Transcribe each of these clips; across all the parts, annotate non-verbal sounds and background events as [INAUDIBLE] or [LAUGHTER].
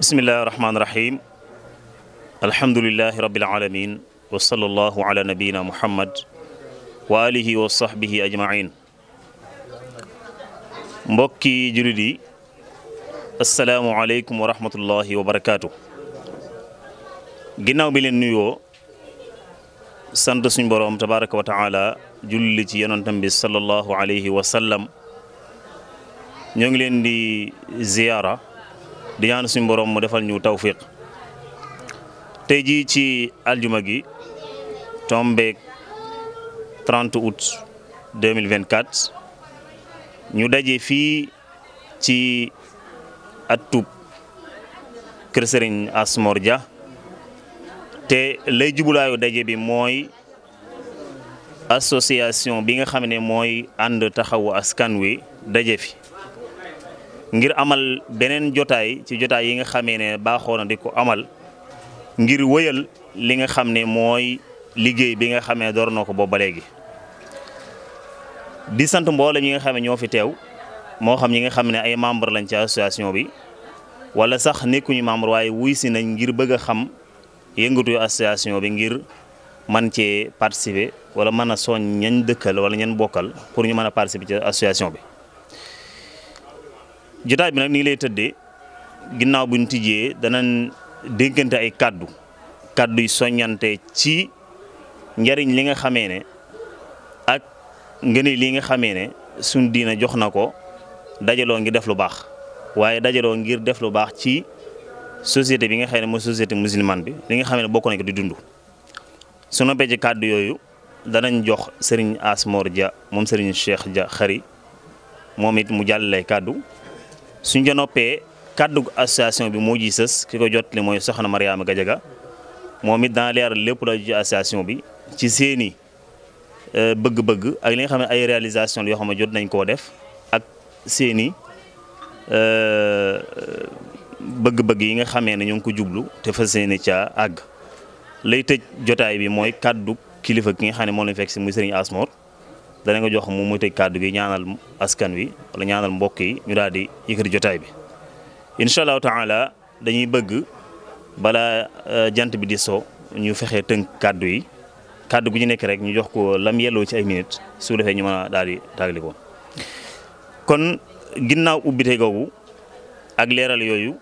bismillahi rahmaani rahim alhamdulilahi rabil alamin wa sallallahu ala muhammad wa alihi wa mbokki jullit yi asalaamu aleykum wa ginnaaw bi leen nuyoo sant suñ boroom tabaraka wa taala julli ci yonantam bi ngi leen di di ñaan suñu borom mu defal ñu tawfiq tey jii ci aljuma gi tombeek 30 août 2024 ñu daje fii ci atub kër sëriñ Asmor Dia te lay jubalaayu daje bi mooy association bi nga xam ne mooy ànd taxawu askan wi daje fi ngir amal beneen jotaay ci jotaay yi nga xamee ne baaxoo na di ko amal ngir wëyal li nga xam ne mooy liggéey bi nga xamee door na ko boobu ba léegi. di sant mboole ñi nga xam ne ñoo fi teew moo xam ñi nga xam ne ay membre lañ ci association bi wala sax nekkuñu membre waaye wuy si nañ ngir bëgg a xam yëngatu association bi ngir man cee participer wala mën a soñ ñañ dëkkal wala ñan bokkal pour ñu mën a participer ci association bi. jotaay bi nag nii lay tëddee ginnaaw buñ tijjee dana dénkante ay kàddu kàdduy yu ci njariñ li nga xamee ne ak ngëne li nga xamee ne suñ diina jox na ko dajaloo ngir def lu baax waaye dajaloo ngir def lu baax ci société bi nga xam ne mooy société musulmane bi li nga xam ne bokk nañ di dund su noppee kàddu yooyu danañ jox sëriñ Asmor Dia moom sëriñ Cheikh Dia Khary moom it mu jàllale kàddu suñ ca noppee kàddu association bi moo ji sës ki ko jottali mooy soxna Mariama Gajaga moom it dana leeral lépp la ci association bi ci seeni euh, bëgg-bëgg ak li nga xam ne ay réalisation yoo xam ne jot nañ koo def ak seeni euh, bëgg-bëgg yi nga xamee ne ñu ngi ko jublu te fas yéene ca àgg lay tëj jotaay bi mooy kàddu kilifa ki nga xam ne moo leen fekk si muy Serigne Asmor dana nga jox moom muy tëj kàddu gi ñaanal askan wi wala ñaanal mbokk yi ñu daal di yëkkati jotaay bi allah allahu taala dañuy bëgg bala euh, jant bi di so ñu fexe tënk kàddu yi kàddu gu ñu nekk rek ñu jox ko lam yelloo ci ay minutes su defee ñu mën a daal di tàggali ko kon ginnaaw ubbite googu ak leeral yooyu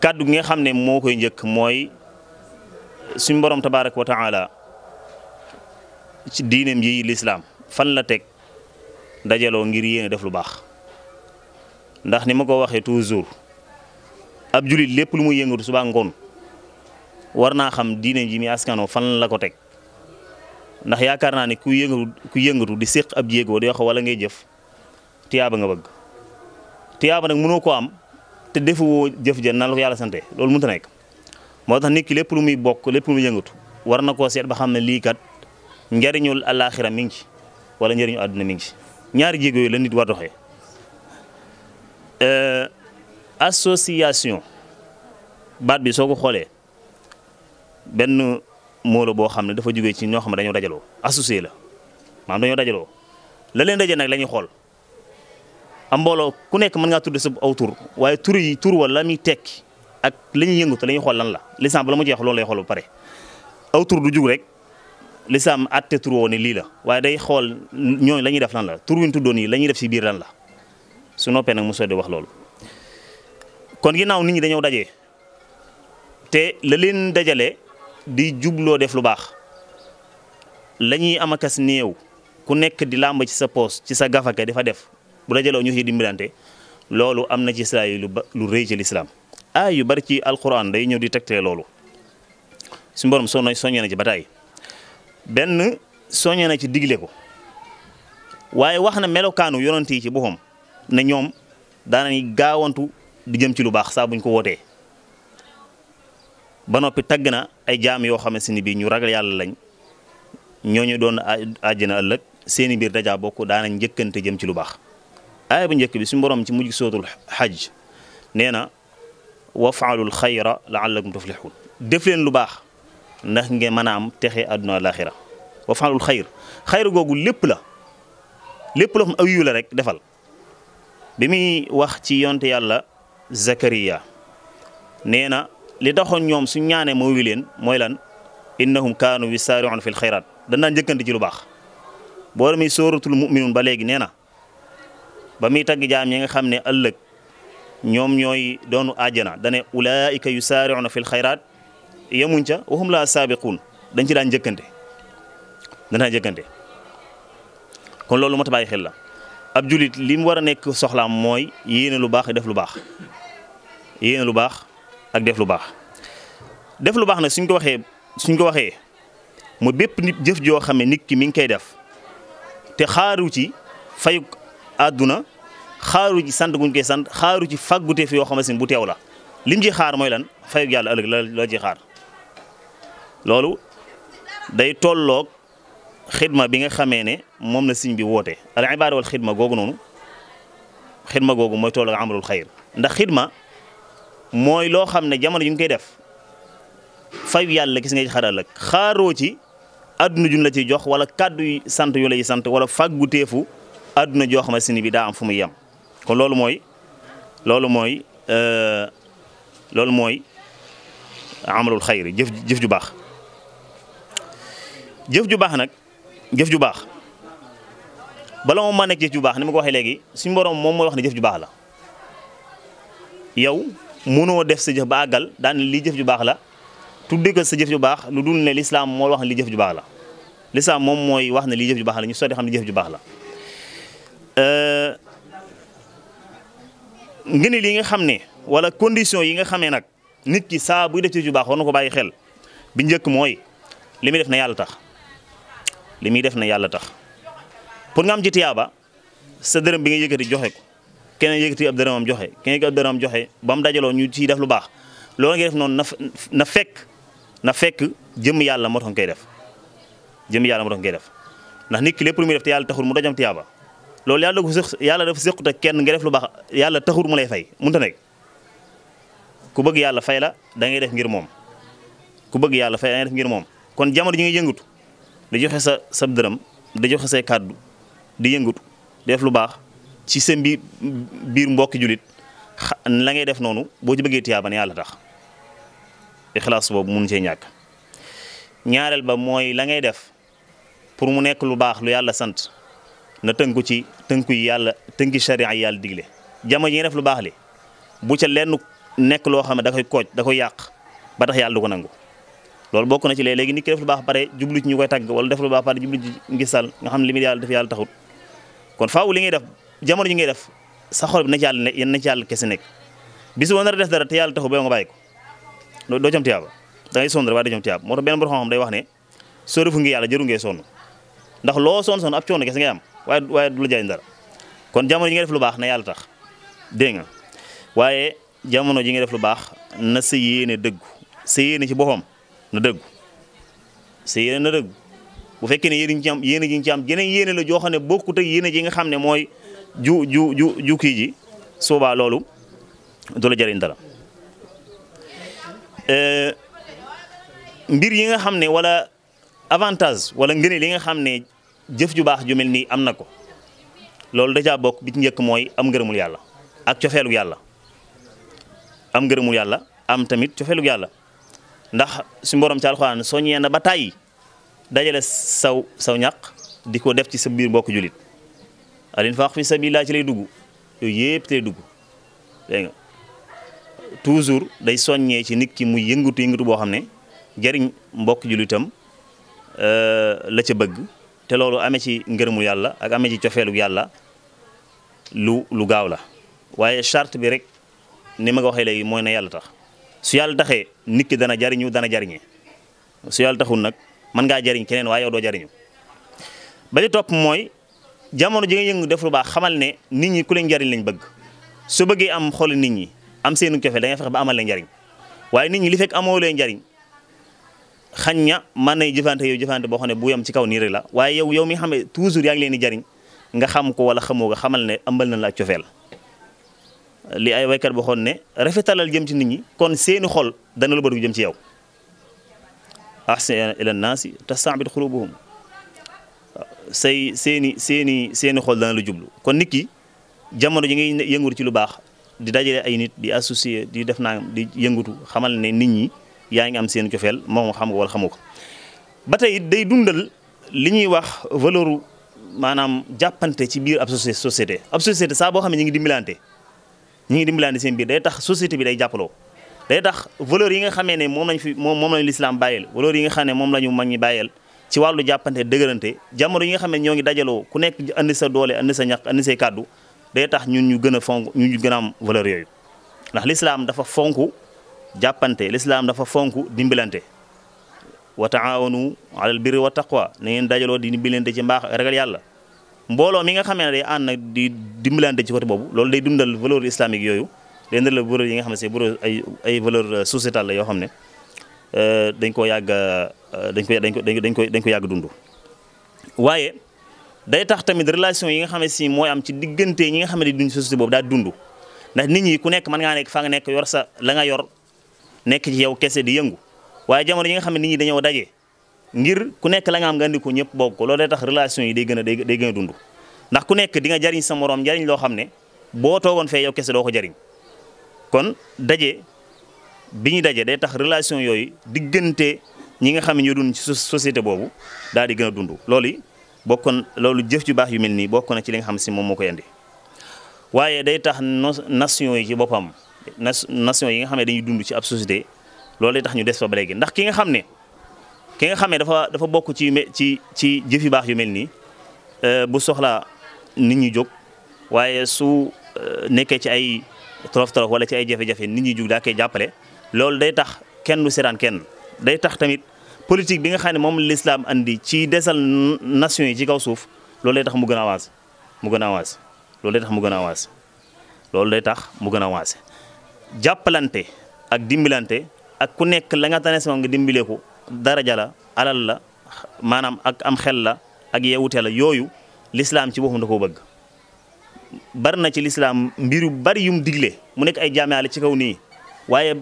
kàddu gi nga xam ne moo koy njëkk mooy suñ borom tabaaraka wa taala ci diineem yi lislaam fan la teg dajaloo ngir yéene def lu baax ndax ni ma ko waxee toujours ab julit lépp lu muy yëngatu subaa ngoon war naa xam diine ji askano fan la ko teg ndax yaakaar naa ne ku yëngatu ku yëngatu di séq ab jéego di wax wala ngay jëf tiyaaba nga bëgg tiyaaba nag mënoo ko am te defuwoo jëf ja na la yàlla sante loolu mënta nekk moo tax nit lépp lu muy bokk lépp lu muy yëngatu war na koo seet ba xam ne lii kat njariñul àllaaxira mi ngi ci wala njëriñu àdduna mi ngi ci ñaari jéego yooyu la nit war doxee euh, association baat bi soo ko xoolee benn moo boo xam ne dafa jugee ci ñoo xam ne dañoo dajaloo associé la maanaam dañoo dajaloo la leen daje nag la xool am mbooloo ku nekk mën ngaa tudd sa aw tur waaye tur yi tur wala la muy tekki ak li ñuy yëngu te ñuy xool lan la licence ba la mu jeex loolu lay xool ba pare aw du jug rek. lislaam atte tur woo lii la waaye day xool ñooñu la ñuy def lan la tur wi ñu tuddoon yi la def si biir lan la su noppee nag mu soo di wax loolu. kon ginnaaw nit ñi dañoo daje te la leen dajale di jubloo def lu baax la ñuy am akas néew ku nekk di làmb ci sa poos ci sa gafaka dafa def bu dajaloo ñu ci dimbalante loolu am na ci saa lu ba lu rëy ci lislaam ay yu bari ci alquran day ñëw di tegtee loolu suñu borom soo soññee na ci bataay benn soññe na ci digle ko waaye wax na melokaanu yonent yi ci boppam ne ñoom daanañ gaawantu di ci lu baax saa buñ ko wootee ba noppi tagg na ay jaam yoo xamante ni bii ñu ragal yàlla lañ ñooñu doon àjjana ëllëg seeni mbir dajaa bokk daanañ njëkkante jëm ci lu baax aaya bu njëkk bi suñu borom ci mujj sootul xaj nee na wafaalul xayra laallakum tuflixuun def leen lu baax ndax nga mën am texe àdduna laaxira wa faalul xayr xayr googu lépp la lépp loo xam aw yiw rek defal bi muy wax ci yonte yàlla zakariya nee na li taxoon ñoom su ñaanee moo wi leen mooy lan innahum kaanu yusaari'uuna fil xayraat danaa njëkkante ci lu baax boo demee sóoratul muminuun ba léegi nee na ba muy tagg jaam ñi nga xam ne ëllëg ñoom ñooy doonu àjjana dane ulaa'ika yusaari'uuna fil xayraat yemuñ ca waxum laa saabiquun dañ ci daan njëkkante dañ daan njëkkante kon loolu moo bàyyi xel la ab julit li mu war a nekk soxlaam mooy yéene lu baax def lu baax yéene lu baax ak def lu baax def lu baax nag suñ ko waxee suñ ko waxee mu bépp nit jëf joo xam ne nit ki mi ngi koy def te xaaru ci fayuk àdduna xaaru ci sant guñ koy sant xaaru ci fàggute fi yoo xamante ne bu teew la lim ci xaar mooy lan fayuk yàlla ëllëg la la ci xaar loolu day tolloog xidma bi nga xamee ne moom na sëñ bi woote al ibaada wal xidma googu noonu xidma googu mooy tolloog amalul xayr ndax xidma mooy loo xam ne jamono ju ñu koy def fay yàlla gis nga ci xaral xaaroo ci adduna jun la ciy jox wala kàddu yu sant yu lay sant wala fàggu teefu adduna joo xamante ne bi daa am fu muy yem kon loolu mooy loolu mooy euh, loolu mooy amalul xayr jëf jëf ju baax jëf ju baax nag jëf ju baax bala moom maa nekk jëf ju baax ni ma ko waxee léegi suñu borom moom mooy wax ne jëf ju baax la yow mënoo def sa jëf ba daan li jëf ju baax la tudde ko sa jëf ju baax lu dul ne lislaam moo wax li jëf ju baax la lislaam moom mooy wax ne li jëf ju baax la ñu sotti xam ne jëf ju baax la ngeen li nga xam ne wala condition yi nga xamee nag nit ki saa buy def jëf ju baax war na ko bàyyi xel bi njëkk mooy li muy def na yàlla tax li muy def na yàlla tax pour nga am ci tiyaaba sa dërëm bi nga yëkkati joxe ko keneen yëkkati ab joxe keneen yëkkati ab joxe ba mu dajaloo ñu ciy def lu baax loolu nga def noonu na fekk na fekk jëm yàlla moo koy def jëm yàlla moo tax def ndax nit lépp lu yàlla taxul mu dojam tiyaaba loolu yàlla ko sëq yàlla dafa sëqut kenn nga def lu baax yàlla taxul mu lay fay mënta nekk ku bëgg yàlla fay la dangay def ngir moom ku bëgg yàlla fay da ngay def ngir moom kon jamono ji ngay yëngatu da joxe sa sa dërëm di joxe say kàddu di yëngatu def lu baax ci sa mbiir biir mbokki julit la ngay def noonu boo ci bëggee tiyaaban yàlla tax ixlaas boobu mun cee ñàkk ñaareel ba mooy la ngay def pour mu nekk lu baax lu yàlla sant na tënku ci tënku yi yàlla tënki sharia yi yàlla digle jamono yi nga def lu baax li bu ca lenn nekk loo xam ne da koy kooj da koy yàq ba tax yàlla ko nangu loolu bokk na ci léeg-léegi nit ki def lu baax pare jublu ci ñu koy tàgg wala def lu baax pare jublu ci ngisal nga xam ne li muy yàlla def yàlla taxul kon faaw li ngay def jamono ji ngay def sa xol na ci yàlla nekk yéen na ci kese nekk bis boo nar a def dara te yàlla taxul ba nga bàyyi ko doo jëm tiyaaba da ngay sonn rek waaye doo jëm moo tax benn borom wax ne soo defu ngi yàlla jëru ngay sonn ndax loo soon sonn ab coono kese ngay am waaye waaye du la jaay dara kon jamono ji ngay def lu baax na yàlla tax dégg nga waaye jamono ji ngay def lu baax na sa yéene dëggu sa yéene ci boppam na dëgg sa yéene na dëgg bu fekkee ne yéen ci am yéen ji nga ci am jeneen la joo xam ne bokkut ak yéene ji nga xam ne mooy ju ju ju ju ji soobaa loolu du la jëriñ dara euh, mbir yi nga xam ne wala avantage wala ngëneel li nga xam ne jëf ju baax ju mel nii am na ko loolu dèjà bokk bi ci njëkk mooy am ngërëmul yàlla ak cofeelu yàlla am ngërëmul yàlla am tamit cofeelu yàlla ndax suñu borom ci alxuraan soññee na ba tàyyi dajale saw saw ñàq di ko def ci sa biir mbokk julit alinfaq fi sabilillah ci lay dugg yooyu yëpp ci dugg dégg nga toujours day soññee ci nit ki muy yëngatu yëngatu boo xam ne jëriñ mbokk julitam euh, la ca bëgg te loolu ame ci ngërëmul yàlla ak amee ci cofeelu yàlla lu lu gaaw la waaye charte bi rek ni ma ko waxee léegi mooy na yàlla tax su yàlla taxee nit ki dana jariñu dana jariñee su yàlla taxul nag mën ngaa jariñ keneen waaye yow doo jariñu ba li topp mooy jamono ji nga yëngu def lu xamal ne nit ñi ku leen jariñ lañ bëgg su bëggee am xool nit ñi am seenu cofeel da ngay fexe ba amal leen njariñ waaye nit ñi li fekk amoo leen jariñ xañ na mën nay jëfante yow jëfante boo xam ne bu yem ci kaw nii rek la waaye yow yow mi xam ne toujours yaa ngi leen di jariñ nga xam ko wala xamoo nga xamal ne ëmbal na la li ay waykat waxoon ne rafetalal jëm ci nit ñi kon seeni xol dana lu bëri jëm ci yow ahsin ila naasi tastambit xulubuhum say seeni seeni seeni xol dana la jublu kon nit ki jamono ji ngay yëngutu ci lu baax di dajale ay nit di associé di def naa di yëngutu xamal ne nit ñi yaa ngi am seen cofeel moo xam nga wala xamu ko ba tey day dundal li ñuy wax valeur maanaam jàppante ci biir ab société ab société saa boo xam ne ñu ngi dimbalante ñu ngi dimbalante seen biir day tax société bi day jàppaloo day tax valeur yi nga xamee ne moom lañ fi moom moom lañu lislaam bàyyeel valeur yi xam ne moom la ñu ñi bàyyeel ci wàllu jàppante dëgërante jamono yi nga xam ne ñoo ngi dajaloo ku nekk andi sa doole andi sa ñaq andi say kàddu day tax ñun ñu gën a fonk ñun ñu gën a valeur yooyu ndax lislaam dafa fonk jàppante lislaam dafa fonk dimbalante wa taawanu alal birri wa taqwa na ngeen dajaloo di dimbalante ci mbaax ragal yàlla mbooloo mi nga xamee ne day ànd nag di dimbalante ci côté boobu loolu day dundal valeur islamique yooyu day dundal valeur yi nga xam ne c'est valeur ay ay valeur euh, sociétale la yoo xam ne euh, dañ koo yàgg euh, dañ koy dañ ko dañ koy dañ ko yàgg dund waaye day tax tamit relation yi nga xam si mooy am ci diggante ñi nga xam ne di dund société boobu daal dund ndax nit ñi ku nekk mën ngaa nekk fa nga nekk yor sa la nga yor nekk ci yow kese di yëngu waaye jamono yi nga xam ne nit ñi dañoo daje ngir ku nekk la nga am nga andi ko ñëpp bokk ko loolu tax relation yi day gën a day day dund ndax ku nekk dinga nga jariñ sa moroom jariñ loo xam ne boo toogoon fee yow kese doo ko jariñ kon daje bi ñu dajee day tax relation yooyu diggante ñi nga xam ne ñoo dund ci société boobu daal di gën a dund loolu yi loolu jëf ju baax yu mel nii bokk na ci li nga xam si moom moo koy andi waaye day tax nation yi ci boppam nation yi nga xam ne dund ci ab société loolu day tax ñu des fa ba léegi ndax ki nga xam ne ki xam ne dafa dafa bokk ci ci ci jëfi baax yu mel nii euh, bu soxla ni ñi jóg waaye su euh, nekkee ci ay torof torof wala ci ay jafe-jafe nit ñi jóg daa koy jàppale loolu day tax kenn du seetaan kenn day tax tamit politique bi nga xam ne moom l'islam andi ci desal nation yi ci kaw suuf loolu day tax mu gën a avancé mu gën a avancé loolu day mu gën a avancé loolu day tax mu gën a avancé jàppalante ak dimbilante ak ku nekk la nga tane sama nga dimbileeku daraja la alal la maanaam ak am xel la ak yeewute la yooyu lislaam ci boppam da koo bëgg bari na ci lislaam mbir yu bari yum digle mu nekk ay jaameyàlla ci kaw nii waaye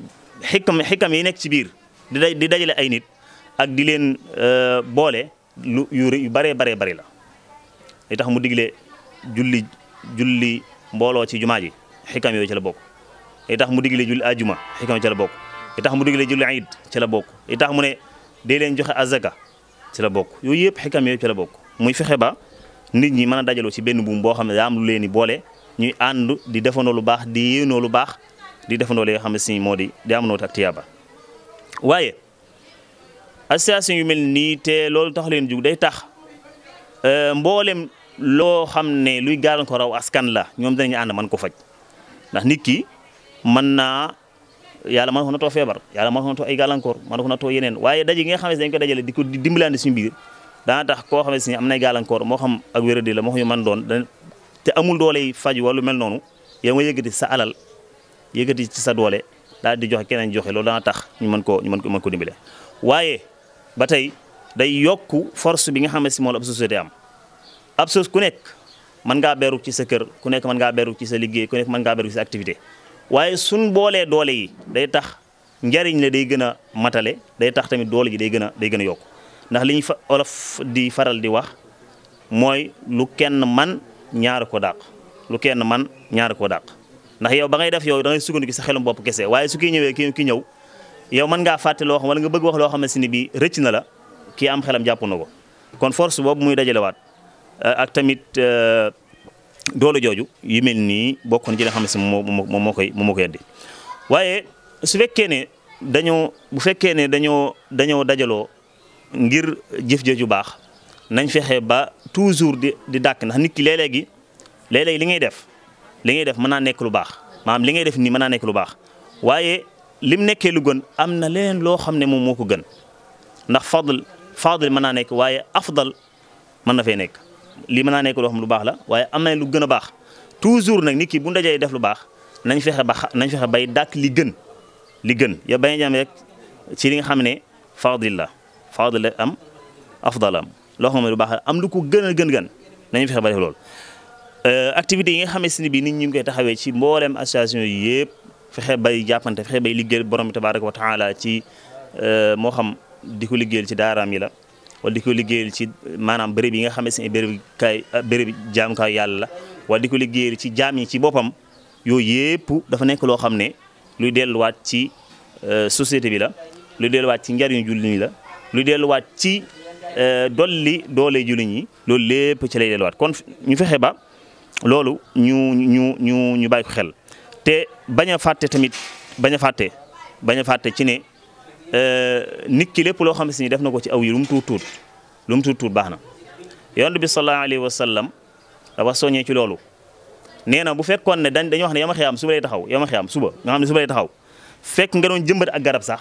xikam xikam yi nekk ci biir di dajale ay nit ak di leen euh, boole lu yu baree baree bari la li tax mu digle julli julli mbooloo ci jumaa ji xikam yooyu ci la bokk li tax mu digle julli ajuma xikam ci la bokk li mu digle julli iid ci la bok li mu ne day leen joxe azaka ci la bokk yooyu yëpp xikam yooyu ci la bokk muy fexe ba nit ñi mën a dajaloo ci benn buum boo xam ne daa am lu leen boole ñuy ànd di defandoo lu baax di yéenoo lu baax di defandoo li nga xam ne si moo di di am noot waaye association yu mel nii te loolu tax leen jug day tax euh, mboolem loo xam ne luy gàllankoor raw askan la ñoom danañu ànd man ko faj ndax nit ki naa yàlla mën na ko natoo feebar yàlla mën na ko natoo ay gàllankoor mën yeneen waaye daje gi nga xam ne dañ ko dajale di ko dimbalandi suñu dana tax koo xam si am nay gàllankoor moo xam ak wéradi la moo xam ñu doon te amul dooley faj wala lu mel noonu yow nga yëkkati sa alal yëkkati ci sa doole daal di joxe keneen joxe loolu dana tax ñu mën koo ñu mën ko mën ko dimbale waaye ba tey day yokku force bi nga xam si moom la ab société am ab sos ku nekk mën ngaa beeru ci sa kër ku nekk mën ngaa beeru ci sa liggéey ku nekk mën ngaa activité waaye suñ boolee doole yi day tax njariñ la day gën a matale day tax tamit doole ji day gën a day gën a yokku ndax li ñu fa olof di faral di wax mooy lu kenn man ñaar ko dàq lu kenn man ñaar ko dàq ndax yow ba ngay def yow da ngay sukkandiku sa xelum bopp kese waaye su kii ñëwee ki ki ñëw yow mën ngaa fàtte loo xam wala nga bëgg wax loo xam ne si ni bii rëcc na la kii am xelam jàpp na ko kon fors boobu muy dajalewaat eh, ak tamit eh, doole jooju yu mel nii bokk na ci li nga xam ne si moo moo koy moo koy indi waaye su fekkee ne dañoo bu fekkee ne dañoo dañoo dajaloo ngir jëf jooju baax nañ fexe ba toujours di di dàkk ndax nit ki léeg-léegi léeg li ngay def li ngay def mën naa nekk lu baax maanaam li ngay def nii mën naa nekk lu baax waaye lim nekkee lu gën am na leneen loo xam ne moom moo ko gën ndax fadl fadl mën naa nekk waaye afdal mën na fee nekk lii mën naa nekk loo xam lu baax la waaye am na lu gën a baax toujours nag ni kii bu ndajee def lu baax nañ fexe ba nañ fexe bay dàkk li gën li gën ya bañ jam rek ci li nga xam ne fadil la fadil la am afdal loo xam ne lu baax am lu ko gën a gën gën nañu fexe ba def loolu euh, activité yi nga xamante ne bii nit ñi ngi koy taxawee ci mbooleem association yi yëpp fexe bay jàppante fexe bay liggéeyal borom bi tabaraka wa taala ci euh, moo xam di ko liggéeyal ci daaraam yi la wala di ko liggéeyal ci maanaam bërëb yi nga xam ne si bërëb kaay bërëb jaamukaay yàlla la di ko liggéeyal ci jaam yi ci boppam yooyu yëpp dafa nekk loo xam ne luy delluwaat ci euh, société bi la lu delluwaat ci njariñu jullit la lu delluwaat ci euh, dolli doole jullit ñi loolu lépp ci lay delluwaat kon ñu fexe ba loolu ñu ñu ñu ñu bàyyi ko xel te bañ a fàtte tamit bañ a fàtte bañ a ci ne Euh, nit ki lépp loo xam ne ni def na ko ci aw yi lu mu tuut tuut lu tuut tuut baax na yonent bi sallallahu alayhi wa sallam dafa ci loolu nee na bu fekkoon ne dañ dañoo wax ne yama xiyaam suba lay taxaw yama xiyaam suba nga xam ne suba lay taxaw fekk nga doon jëmbat ak garab sax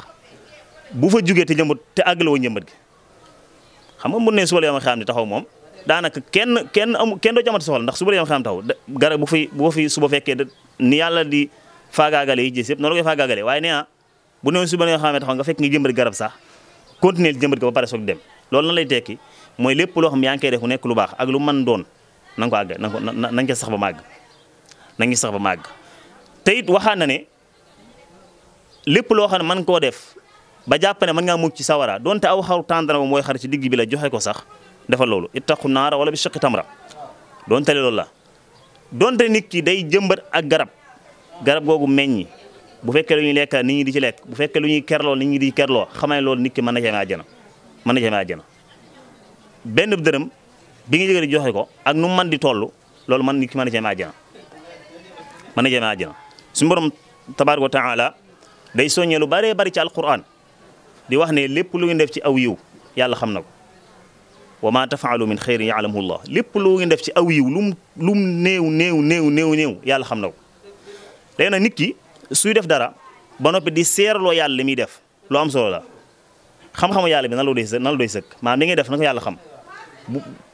bu fa jugee te jëmbat te àggale woo jëmbat gi xam nga mun ne suba la yama xiyaam di taxaw moom daanaka kenn kenn am kenn doo jamati soxla ndax suba la yama xiyaam taxaw garab bu fi bu fi suba fekkee ni yàlla di faagaagalee yi gis yëpp noonu koy faagaagalee waaye nee bu néew suba nga xam ne taxaw nga fekk nga jëmbat garab sax continuer jëmbat ko ba pare soog dem loolu lan lay tekki mooy lépp loo xam yaa ngi koy def mu nekk lu baax ak lu mën doon na ko àgg na nga ko na nga sax ba sax ba màgg te it waxaan na ne lépp loo xam ne mën koo def ba jàpp ne mën ngaa mucc ci sawara donte aw xaru tàndara ba mooy xar ci digg bi la joxe ko sax defal loolu ittaqu naara wala bi shiqqi tamra donte loolu la donte nit ki day jëmbat ak garab garab googu meññi bu fekkee lu ñuy lekk nit ñi di ci lekk bu fekkee lu ñuy kerloo nit ñi di kerloo xamane lool nit ki mën na jamee àjjana mën na jamee àjjana benn dërëm bi nga di joxe ko ak nu man di toll loolu man nit ki mën na jamee àjjana mën na jamee àjjana suñu borom tabaaraka wa taala day soññee lu bëree bari ci alquran di wax ne lépp lu ngeen def ci aw yiw yàlla xam na ko wa ma tafaalu min xeyrin yaalamuhu llah lépp lu ngeen def ci aw yiw lum lum néew néew néew néew néew yàlla xam na ko léegi nag nit suy def dara ba noppi di seerloo yàlla li muy def loo am solo la xam-xamu yàlla bi na loo doy sëkk nan la doy sëkk maanaam li ngay def na ko yàlla xam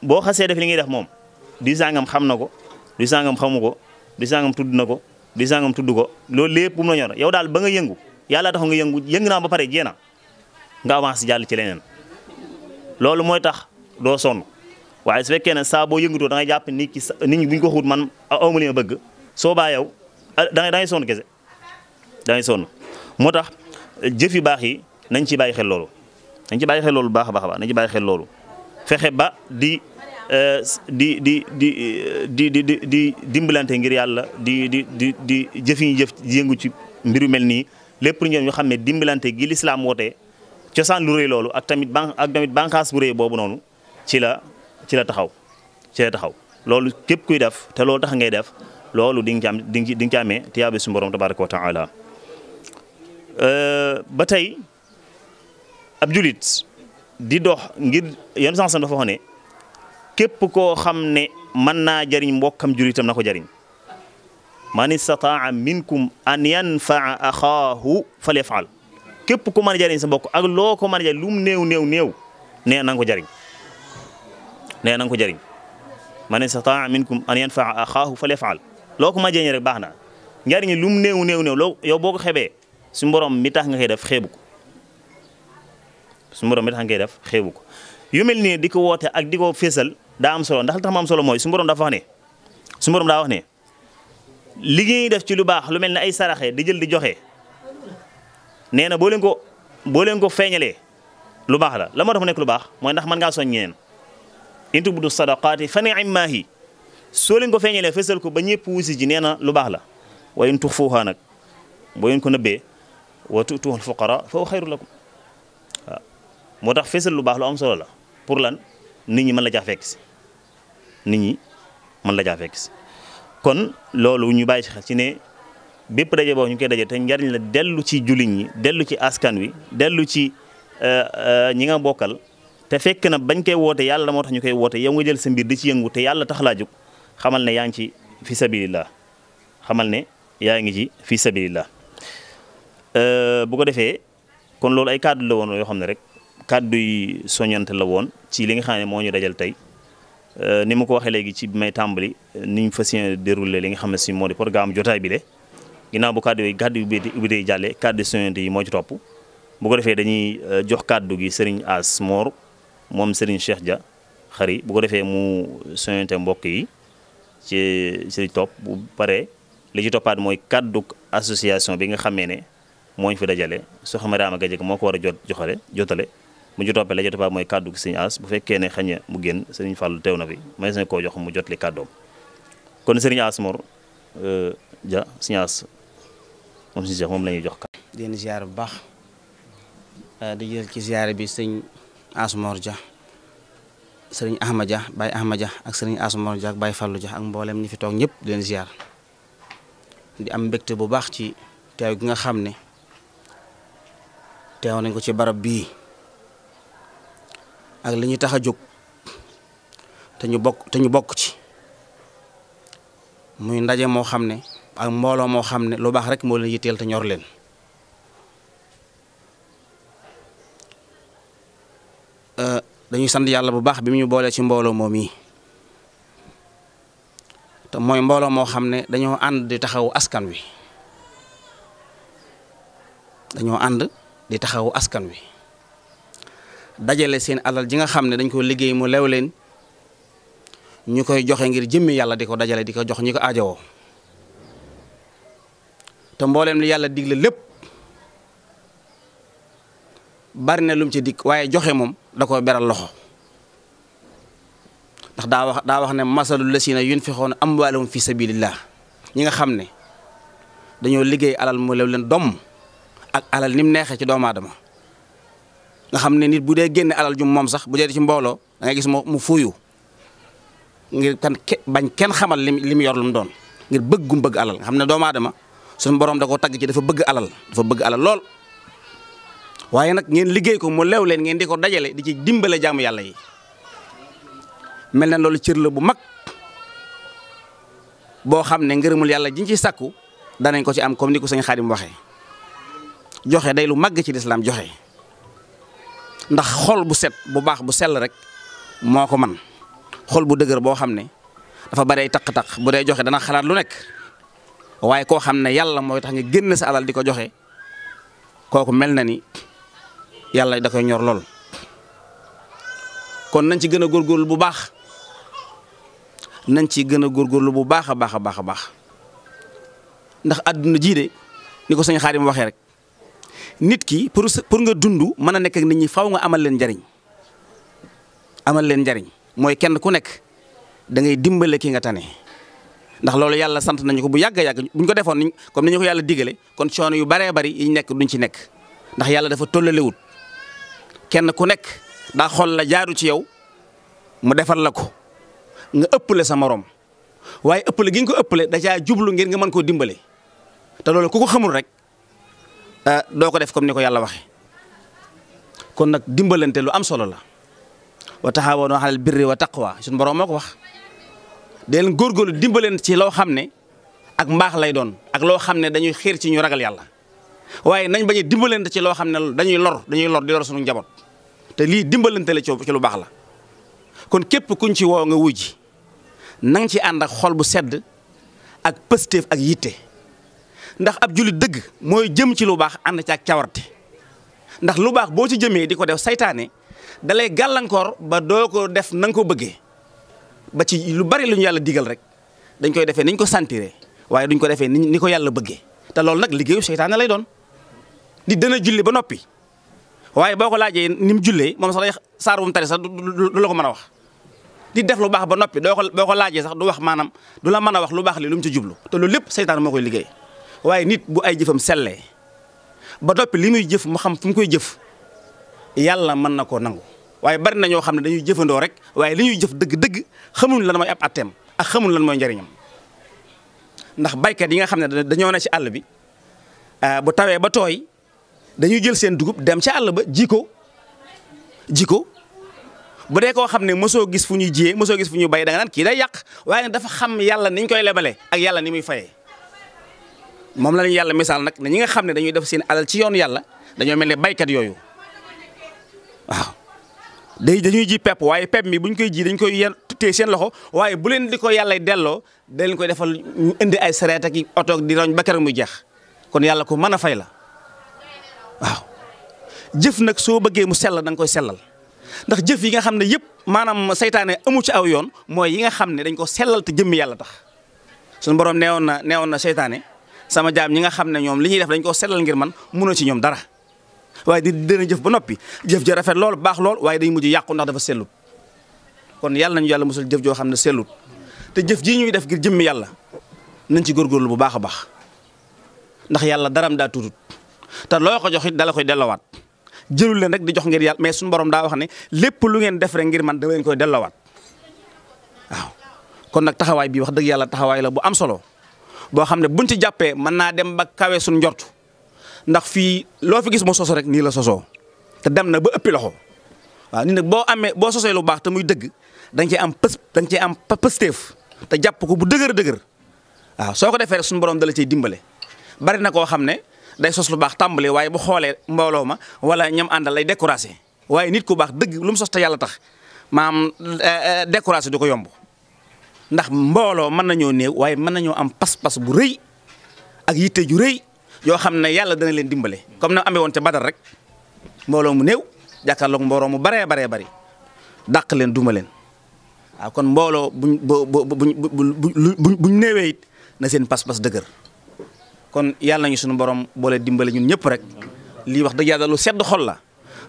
boo xasee def li ngay def moom di sàngam xam na ko di sàngam xamu ko di tudd na ko di sàngam tudd ko loolu lépp bu mu la ñor yow daal ba nga yëngu yàlla tax nga yëngu yëng naa ba pare jéena nga avancé jàll ci leneen loolu mooy tax doo sonn waaye su ne saa boo yëngutoo da jàpp nit ki nit bu ko xut man awma li bëgg soo baa yow ah, da ngay da sonn kese daañu sonn moo tax jëf yu baax yi nañ ci bàyyi xel loolu nañ ci bàyyi xel loolu baax a baax a baax nañ ci bàyyi xel loolu fexe ba euh, di di di di di di di dimbalante ngir yàlla di di di di jëf yi jëf yëngu ci mbiru mel nii lépp ñoom ñu xam ne dimbalante gi lislaam wootee cosaan lu rëy loolu ak tamit ban ak tamit bànqaas bu rëy boobu noonu ci la ci la taxaw ci la taxaw loolu képp kuy def te loolu tax ngay def loolu di nga ci am di nga ci amee tiyaabe suñu borom tabaraka wa taala Euh, ba tey ab julit di dox ngir yenn sens dafa wax ne képp koo xam ne mën naa jariñ mbokkam julitam na ko jariñ man istataa minkum an yanfaa képp ku mën a jariñ sa mbokk ak loo ko mën néew néew néew nee na ko jariñ nee na ko jariñ man istataa minkum an yanfaa axaahu falyafal loo ko mën a rek baax na njariñ lu mu néew néew néew yow boo ko xebee suñu borom mi tax nga koy def xeebu ko suñu borom mi tax nga def xeebu ko yu mel nii di ko woote ak di ko feesal daa am solo ndax li tax ma am solo mooy suñu borom dafa wax ne daa wax ne liggéey def ci lu baax lu mel ni ay saraxe di jël di joxe nee na boo leen ko boo leen ko feeñalee lu baax la la ma tax nekk lu baax mooy ndax mën ngaa soñ ñeneen in tubdu sadaqaati fa ni'immaa hiya soo leen ko feeñalee feesal ko ba ñëpp wusi ji nee na lu baax la waaye in tuxfuuhaa nag boo leen ko nëbbee wa tu'tuhul fuqara fa huwa xayrun lakum moo tax fésal lu baax lu am solo la pour lan nit ñi man la caa fekk nit ñi mën la caa fekk kon loolu ñu bàyyi ci xel ci ne bépp daje boo ñu koy dajee te njariñ la dellu ci juliñ ñi dellu ci askan wi dellu ci euh, euh, ñi nga bokkal te fekk na bañ koy woote yàlla la moo tax ñu koy woote yow nga jël sa mbir di ci yëngu te yàlla tax laa jóg xamal ne yaa ngi ci fi sabilillah xamal ne yaa ngi ci fi sabilillah Euh, bu ko defee kon loolu ay kàddu la woon yoo xam ne rek kàddu yi soñante la woon ci li nga xam ne moo ñu dajal tey euh, ni ma ko waxee léegi ci bi may tàmbali ni ñu fas yéene déroulé li nga xam ne si moo di programme jotaay bi de ginnaaw bu kàddu yi kàddu yu day jàllee kàddu soñante yi moo ci topp bu ko dañuy euh, jox kàddu gi Serigne As moor moom Serigne Cheikh Dia xari bu ko defee mu soñante mbokk yi ci ci topp bu pare li ci toppaat mooy kàddu association bi nga xamee ne moo ñu fi dajale soxna Mariama Gaje moo ko war a jot joxale jotale mu ju toppee la jot mooy kàddu gi sëñ As bu fekkee ne xaña mu génn sëriñ Fàllu teew na fi may sëñ koo jox mu jot li kàddoom kon sëriñ As Mor euh, ja sëñ As moom lañuy jox kàddu di leen bu baax euh, di jël ci bi sëñ As Mor ja sëriñ Ahmad ja Baye Ahmad ja ak sëriñ ja ak Baye Fàllu ja ak mboolem ñi fi toog ñëpp di leen di am mbégte bu baax ci teew gi nga xam ne teew nañ ko ci barab bii ak li ñu tax a jóg te ñu bokk te ñu bokk ci muy ndaje moo xam ne ak mbooloo moo xam ne lu baax rek moo leen yitteel te ñor leen euh, dañuy sant yàlla bu baax bi mu ñu boolee ci mbooloo moom yi te mooy mbooloo moo xam ne dañoo ànd di taxawu askan wi dañoo ànd di taxawu askan wi dajale seen alal ji nga xam ne dañ ko liggéey mu lew leen ñu koy joxe ngir jëmmi yàlla di ko dajale di ko jox ñi ko aajowoo te mbooleem li yàlla digle lépp bari na lum ci dikk waaye joxe moom da ko beral loxo ndax daa wax daa wax ne masalul lasina yunfixoona amwaalahum fi sabilillah ñi nga xam ne dañoo liggéey alal mu lew leen domm ak alal ni mu neexee ci doomu nga xam ne nit bu dee génne alal ju moom sax bu dee ci mbooloo da ngay gis mu fuuyu ngir kan bañ kenn xamal li li mu yor lu mu doon ngir bëggum bëgg alal nga xam ne doomu aadama suñu borom da koo tagg ci dafa bëgg alal dafa bëgg alal lool. waaye nag ngeen liggéey ko mu lew leen ngeen di ko dajale di ci dimbale jaamu yàlla yi mel na loolu cër la bu mag boo xam ne ngërëmul yàlla jiñ ci sàkku danañ ko ci am comme ni ko sa sëñ mu waxee. joxe day lu màgg ci lislaam joxe ndax xol bu set bu baax bu sell rek moo ko man xol bu dëgër boo xam ne dafa bari ay taq-taq bu dee joxe dana xalaat lu nekk waaye koo xam ne yàlla mooy tax nga génn sa alal di ko joxe kooku mel na ni yàlla da koy ñor lool kon nañ ci gën a góorgóorlu bu baax nañ ci gën a góorgóorlu bu baax a baax a baax a baax ndax àdduna jii de ni ko sëñ mu waxee rek nit ki pour pour nga dund mën a nekk ak ñi faw nga amal leen njariñ amal leen njariñ mooy kenn ku nekk dangay dimbale ki nga tane ndax loolu yàlla sant nañu ko bu yàgg a yàgg buñ ko defoon niñ comme ni ñu ko yàlla digale kon coono yu baree bari yi nekk duñ ci nekk ndax yàlla dafa tollalewut kenn ku nekk daa xool la jaaru ci yow mu defal la ko nga ëppale sa moroom waaye ëpp gi nga ko ëppale da caa jublu ngir nga mën koo dimbale te loolu ku ko xamul rek. Eh, doo ko def comme ni ko yàlla waxe kon nag dimbalante lu am solo la wa taxawoon alal birri wa taqwa suñu borom moo ko wax deen góorgóorlu dimbalante ci loo xam ne ak mbaax lay doon ak loo xam ne dañuy xiir ci ñu ragal yàlla waaye nañ bañ a ci loo xam ne dañuy lor dañuy lor di lor suñu njaboot te lii dimbalante la ci lu baax la kon képp kuñ ci woo nga wuji nang ci ànd ak xol bu sedd ak pësteef ak yitte ndax ab jullit dëgg mooy jëm ci lu baax ànd ci ak cawarte ndax lu baax boo ci jëmee di ko def saytaane da lay gàllankoor ba doo ko def nan nga ko bëggee ba ci lu bari lu ñu yàlla digal rek dañ koy defee niñ ko sentiree waaye duñ ko defee ni ko yàlla bëggee te lool nag liggéeyu saytaane lay doon di dana julli ba noppi waaye boo ko laajee ni mu jullee moom sax lay saar sax du la mën a wax di def baax ba noppi doo ko boo ko laajee du wax maanaam du la mën a wax lu baax li lu mu ci jublu te loolu lépp saytaan moo koy liggéey waaye nit bu ay jëfam sellee ba noppi li muy jëf mu xam fu koy jëf yàlla mën na koo nangu waaye bari na ñoo xam ne dañuy jëfandoo rek waaye li ñuy jëf dëgg-dëgg xamuñ lan mooy ab atteem ak xamuñ lan mooy njariñam ndax baykat yi nga xam ne dañoo ne ci àll bi ah, bu tawee ba tooy dañuy jël seen dugub dem ca àll ba ji ko ji ko bu dee koo xam ne mosoo gis fu ñuy jiyee mosoo gis fu ñuy bay da nga kii day yàq waaye nag dafa xam yàlla niñ koy lebale ak yàlla ni muy fayee moom la yàlla misaal nag ne ñi nga xam ne dañuy def seen alal ci yoon yàlla dañoo mel ne baykat yooyu waaw day dañuy ji pepp waaye pepp mi bu ñu koy ji dañ koy yen tee seen loxo waaye bu leen di ko yàlla delloo dañ leen koy defal mu indi ay sareet ak oto di roñ ba keroog muy jeex kon yàlla ko mën a fay la waaw jëf nag soo bëggee mu sell danga koy sellal ndax jëf yi nga xam ne yëpp maanaam seytaane amu ci aw yoon mooy yi nga xam ne dañ ko sellal te jëmmi yàlla tax suñu borom neewoon na neewoon na saytaane sama jaam ñi nga xam ne ñoom li ñuy def dañ koo sellal ngir man munoo ci ñoom dara waaye di dina jëf ba noppi jëf ja rafet lool baax lool waaye dañ mujj yàqu ndax dafa sellut kon yàlla nañu yàlla mosul jëf joo xam ne sellut te jëf jii ñuy def ngir jëmmi yàlla nañ ci góorgóorlu bu baax a baax ndax yàlla daram daa tuutut te loo ko jox it dala koy dellawaat jëlul leen rek di jox ngir yàlla mais suñu borom daa wax ne lépp lu ngeen def rek ngir man da ngeen koy dellawaat waaw kon nag taxawaay bi wax dëgg yàlla taxawaay la bu am solo boo xam ne buñ ci jàppee mën naa dem ba kawe suñ njort ndax fii loo fi gis mu soso rek nii la sosoo te dem na ba ëppi loxo waaw ni nag boo amee boo sosee lu baax te muy dëgg dañ cee am pës dañ cee am pësteef te jàpp ko bu dëgër dëgër waaw soo ko defee suñu borom dala cey dimbale bari na koo xam ne day sos lu baax tàmbali waaye bu xoolee mbooloo ma wala ñam àndal lay découragé waaye nit ku baax dëgg lu mu sos te yàlla tax maam eh, eh, découragé du ko yomb. ndax mbooloo mën nañoo néew waaye mën nañoo am pas-pas bu rëy ak yitte ju rëy yoo xam ne yàlla dana leen dimbale comme na amee woon ca Badar rek mbooloo mu néew jàkkaarloog mbooloo mu baree baree bari dàq leen duma leen kon mbooloo buñ buñ buñ buñ na seen pas-pas dëgër kon yàlla nañu suñu borom boole dimbale ñun ñëpp rek lii wax dëgg yàlla lu sedd xol la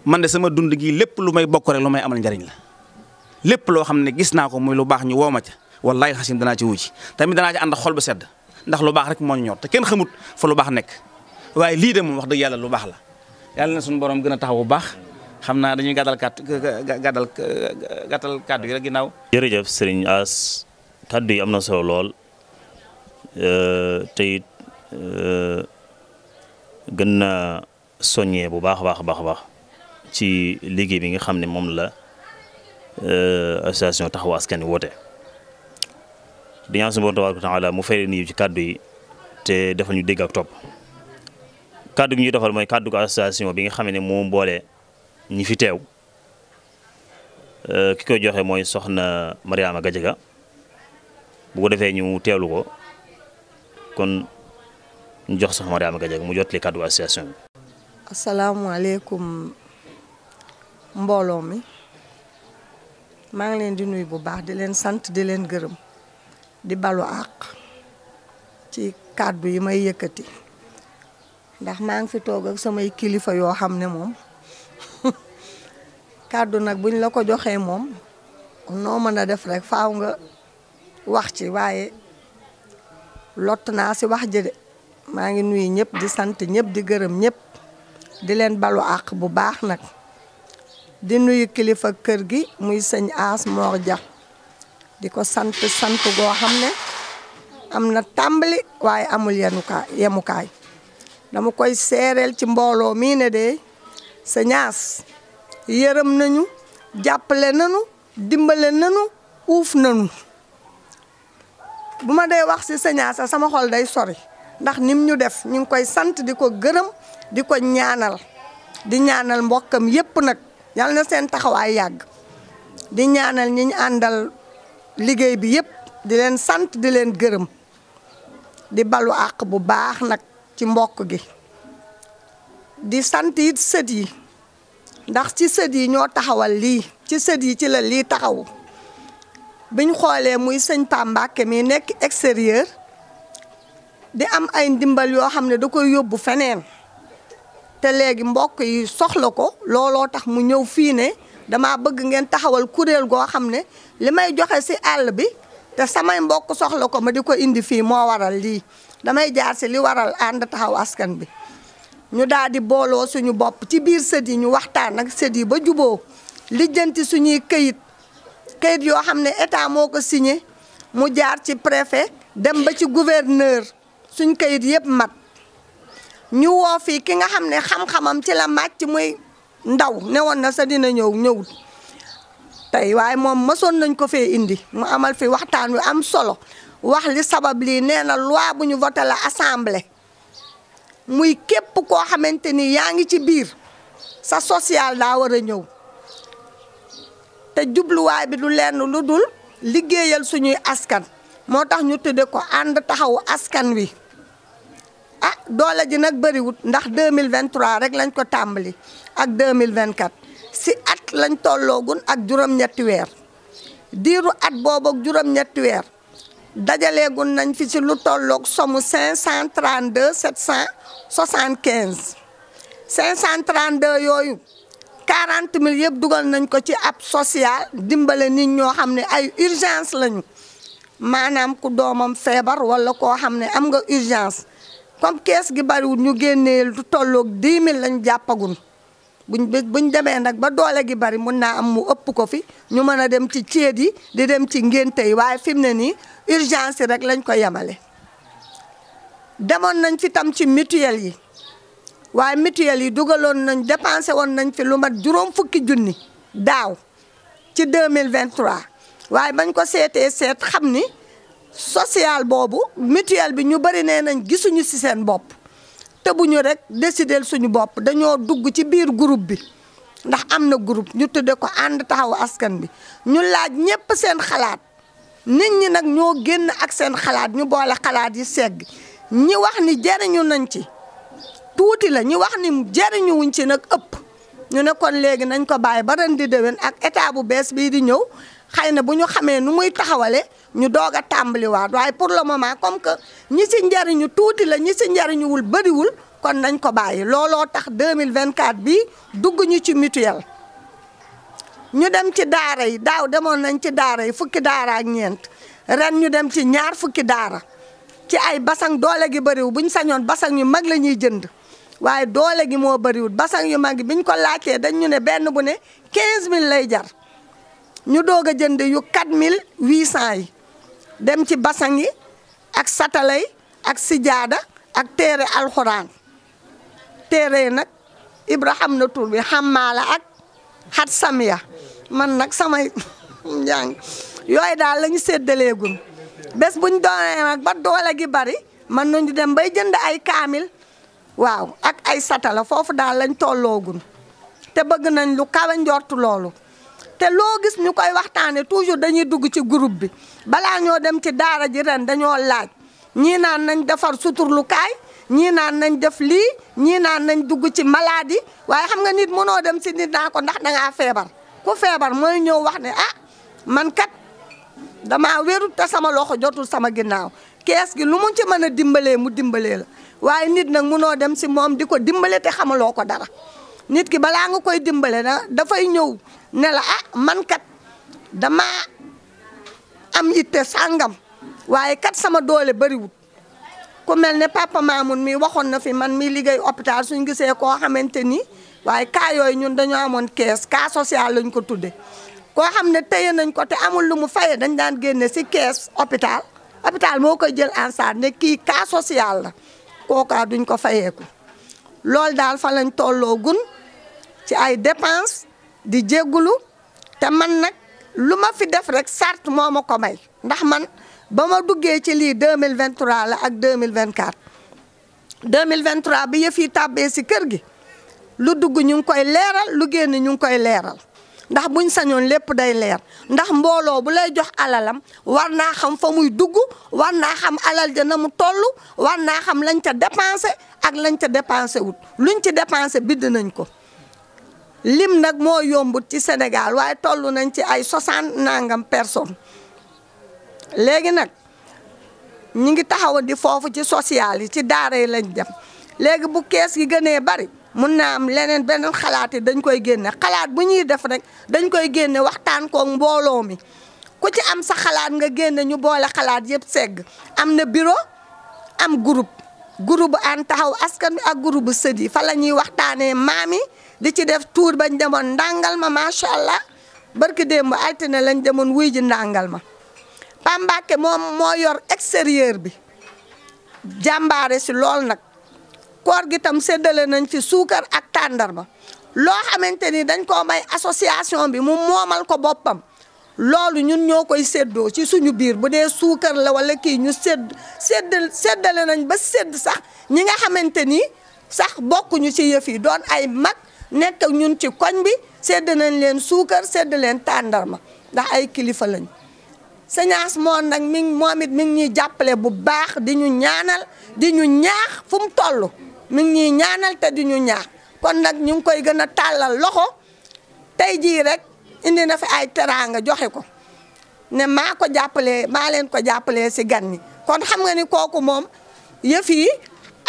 mën de sama dund gi lépp lu may bokk rek lu may amal njariñ la lépp loo xam ne gis naa ko muy lu baax ñu woo ma ca wallaay xasim danaa ci wuji tamit danaa ci ànd xol bu sedd ndax lu baax rek moo ñor te kenn xamut fa lu baax nekk waaye lii de moom wax dëgg yàlla lu baax la yàlla na suñu borom gën a taxaw bu baax xam naa dañuy gàddal kàtt gàddal gàttal ginnaaw. jërëjëf sëriñ As kàddu am na solo lool euh, te it euh, gën na soññee bu baax a baax a baax ci liggéey bi nga xam ne moom la euh, association taxawaas askan wi woote. di ñaan suñu borom tabaaraka mu fay leen ci kàddu yi te defal ñu dégg ak topp kàddu gi ñuy defal mooy kàddu association bi nga xam ne moo mboolee ñi fi teew ki ko joxe mooy soxna Mariama Gajaga bu ko defee ñu teelu ko kon ñu jox soxna Mariama Gajaga mu jotli kàddu association bi. asalaamaaleykum mbooloo mi maa ngi leen di nuyu bu baax di leen sant di leen gërëm. di balu àq ci kàddu yi may yëkkati ndax maa ngi fi toog ak samay kilifa yoo xam ne moom [LAUGHS] kàddu nag bu ñu la ko joxee moom noo mën a def rekk faaw nga wax ci waaye lott naa si wax jëde maa ngi nuyu ñëpp di sant ñëpp di gërëm ñëpp di leen balu àq bu baax nag di nuyu kilifa kër gi muy sëñ Aas moo Jax di ko sant sant goo xam ne am na tàmbali waaye amul yenukaay yemukaay dama koy seereel ci mbooloo mii ne de sa ñaas yërëm nañu jàppale nañu dimbale nañu uuf nañu bu ma dee wax si sa ñaas sama xol day sori ndax nim ñu def ñu ngi koy sant di ko gërëm di ko ñaanal di ñaanal mbokkam yépp nag yal na seen taxawaay yàgg di ñaanal ñi àndal liggéey bi yëpp di leen sant di leen gërëm di balu àq bu baax nag ci mbokk gi di sant it sët yi ndax ci sët yi ñoo taxawal lii ci sët yi ci la lii taxawu biñ xoolee muy sëñ Pape Mbacké mi nekk extérieur di am ay ndimbal yoo xam ne da koy yóbbu feneen te léegi mbokk yi soxla ko looloo tax mu ñëw fii ne dama bëgg ngeen taxawal kuréel goo xam ne li may joxe si àll bi te samay mbokk soxla ko ma di ko indi fii moo waral lii damay jaar si li waral ànd taxaw askan bi ñu daal di booloo suñu bopp ci biir sëddi ñu waxtaan ak sët ba juboo lijjanti suñuy këyit këyit yoo xam ne état moo ko signé mu jaar ci préfet dem ba ci gouverneur suñ këyit yëpp mat ñu woo fii ki nga xam ne xam-xamam ci la màcc muy ndaw newoon na sa dina ñëw ñëwut tey waaye moom mësoon nañ ko fee indi mu amal fi waxtaan wi am solo wax li sabab lii nee na bu ñu voté la assemblée muy képp koo xamante ni yaa ngi ci biir sa social daa war a ñëw te jubluwaay bi du lenn lu dul liggéeyal suñuy askan moo tax ñu tëdde ko ànd taxawu askan wi ah doole ji nag bariwut ndax 2023 rek lañ ko tàmbali ak 2024 si at lañ tolloogun ak juróom-ñetti weer diiru at boobu ak juróom-ñetti weer dajaleegun nañ fi si lu tolloog somu 532 775 532 yooyu 40 mille yëpp dugal nañ ko ci ab social dimbale nit ñoo xam ne ay urgence lañu maanaam ku doomam feebar wala koo xam ne am nga urgence comme kees gi bariwul ñu génne lu tolloog 10 000 lañ jàppagun buñ buñ demee nag ba doole gi bari mun naa am mu ëpp ko fi ñu mën a dem ci ceet yi di dem ci ngénte yi waaye fi mu ne nii urgence rek lañ ko yemale. demoon nañ fi tam ci mutuelle yi waaye mutuelle yi dugaloon nañ dépensé woon nañ fi lu mat juróom fukki junni daaw ci 2023 waaye bañ ko seetee seet xam ni social boobu mutuelle bi ñu bari nee nañ gisuñu ci seen bopp. tëbuñu rekk décider suñu bopp dañoo dugg ci biir groupe bi ndax am na group ñu tëdde ko ànd taxawu askan bi ñu laaj ñëpp seen xalaat nit ñi nag ñoo génn ak seen xalaat ñu boole xalaat yi segg ñi wax ni jëriñu nañ ci tuuti la ñi wax ni jëriñuwuñ ci nag ëpp ñu ne kon léegi nañ ko bàyyi ba ren di déwén ak état bu bees bii di ñëw xëy na bu ñu xamee nu muy taxawale ñu doog a tàmbaliwaat waaye pour le moment comme que ñi si njariñu tuuti la ñi si njariñuwul bëriwul kon nañ ko bàyyi looloo tax mille 2024 bii dugg ñu ci mutuel ñu dem ci daara yi daaw demoon nañ ci daara yi fukki daara ak ñeent ren ñu dem ci ñaar fukki daara ci ay basang doole gi bëriwul bu ñu sañoon basang yu mag la ñuy jënd waaye doole gi moo bariwul basang yu mag biñ ko laajtee dañ ñu ne benn bu ne 15000 lay jar. ñu doog a jënd yu mille 4800 yi dem ci basang yi ak satalay ak sijaada ak téere alxuraan téere yi nag Ibrahima na tur bi xam xammaala ak xat samiya man nag samay [LAUGHS] njàng daal lañu ñu séddaleegul bés bu ñu doonee nag ba doole gi bari mën nañu dem bay jënd ay kaamil waaw ak ay satala foofu daal lañ tolloogul te bëgg nañ lu kawe njortu loolu te loo gis ñu koy waxtaane toujours dañuy dugg ci groupe bi balaa ñoo dem ci daara ji ren dañoo laaj ñii naan nañ defar suturlukaay ñii naan nañ def lii ñii naan nañ dugg ci maladie waaye xam nga nit mënoo dem si nit naa ko ndax dangaa feebar ku feebar mooy ñëw wax ne ah man kat damaa wérut te sama loxo jotul sama ginnaaw kees gi lu mu ci mën a dimbalee mu dimbalee la waaye nit nag mënoo dem si moom di ko dimbale te xamaloo ko dara nit ki balaa nga koy dimbale na dafay ñëw ne a ah man kat damaa am yitte sàngam waaye kat sama doole bëriwut ku mel ne papa Mamoun mi waxoon na fi man mi liggéey hôpital suñ gisee koo xamante ni waaye cas yooyu ñun dañoo amoon kees cas social lañ ko tudde koo xam ne téye nañ ko te amul lu mu faye dañ daan génne si kees hôpital hôpital moo koy jël en charge ne kii cas social la kookaa duñ ko fayeeku loolu daal fa lañ tolloo gun ci ay dépense di jéggulu te man nag lu ma fi def rek sart moo ma ko may ndax man ba ma duggee ci lii mille vingt 2023 la ak deux mille 2024 2023 bi yëf yi tàbbee si kër gi lu dugg ñu koy leeral lu génn ñu ngi koy leeral ndax buñ sañoon lépp day leer ndax mbooloo bu lay jox alalam war naa xam fa muy dugg war naa xam alal ja na mu toll war naa xam lañ ca dépensé ak lañ ca dépensé wut luñ ci dépensé bidd nañ ko lim nag moo yombut ci Sénégal waaye toll nañ ci ay soixante nangam personnes léegi nag ñi ngi taxaw di foofu ci social yi ci daara yi lañ dem léegi bu kees yi gënee bari mun naa am leneen beneen xalaat yi dañ koy génne xalaat bu ñuy def rek dañ koy génne waxtaan koog mbooloo mi ku ci am sa xalaat nga génne ñu boole xalaat yëpp segg am na bureau am groupe groupe bu ànd taxaw askan wi ak groupe bu sët yi fa la ñuy waxtaanee maam yi di ci def tuur bañ demoon ndàngal ma macha allah barki démb altine lañ demoon wuy ji ndàngal ma Pambake moom moo yor extérieur bi jàmbaare si lool nag koor gi tam séddale nañ ci suukar ak tàndarma loo xamante ni dañ koo may association bi mu moomal ko boppam loolu ñun ñoo koy séddoo ci suñu biir bu dee suukar la wala kii ñu sédd sédd séddale nañ ba sédd sax ñi nga xamante ni sax bokkuñu ci yëf yi doon ay mag nekk ñun ci koñ bi sedd nañ leen suukar sedd leen tàndarma ndax ay kilifa lañ señaas moom nag mi moom it mi ngi ñuy jàppale bu baax di ñu ñaanal di ñu ñaax fu mu toll mi ngi ñuy ñaanal te di ñu ñaax kon nag ñu ngi koy gën a tàllal loxo tey jii rek indi na fi ay teraanga joxe ko ne maa ko jàppale maa leen ko jàppale si gan ñi kon xam nga ni kooku moom yëf yi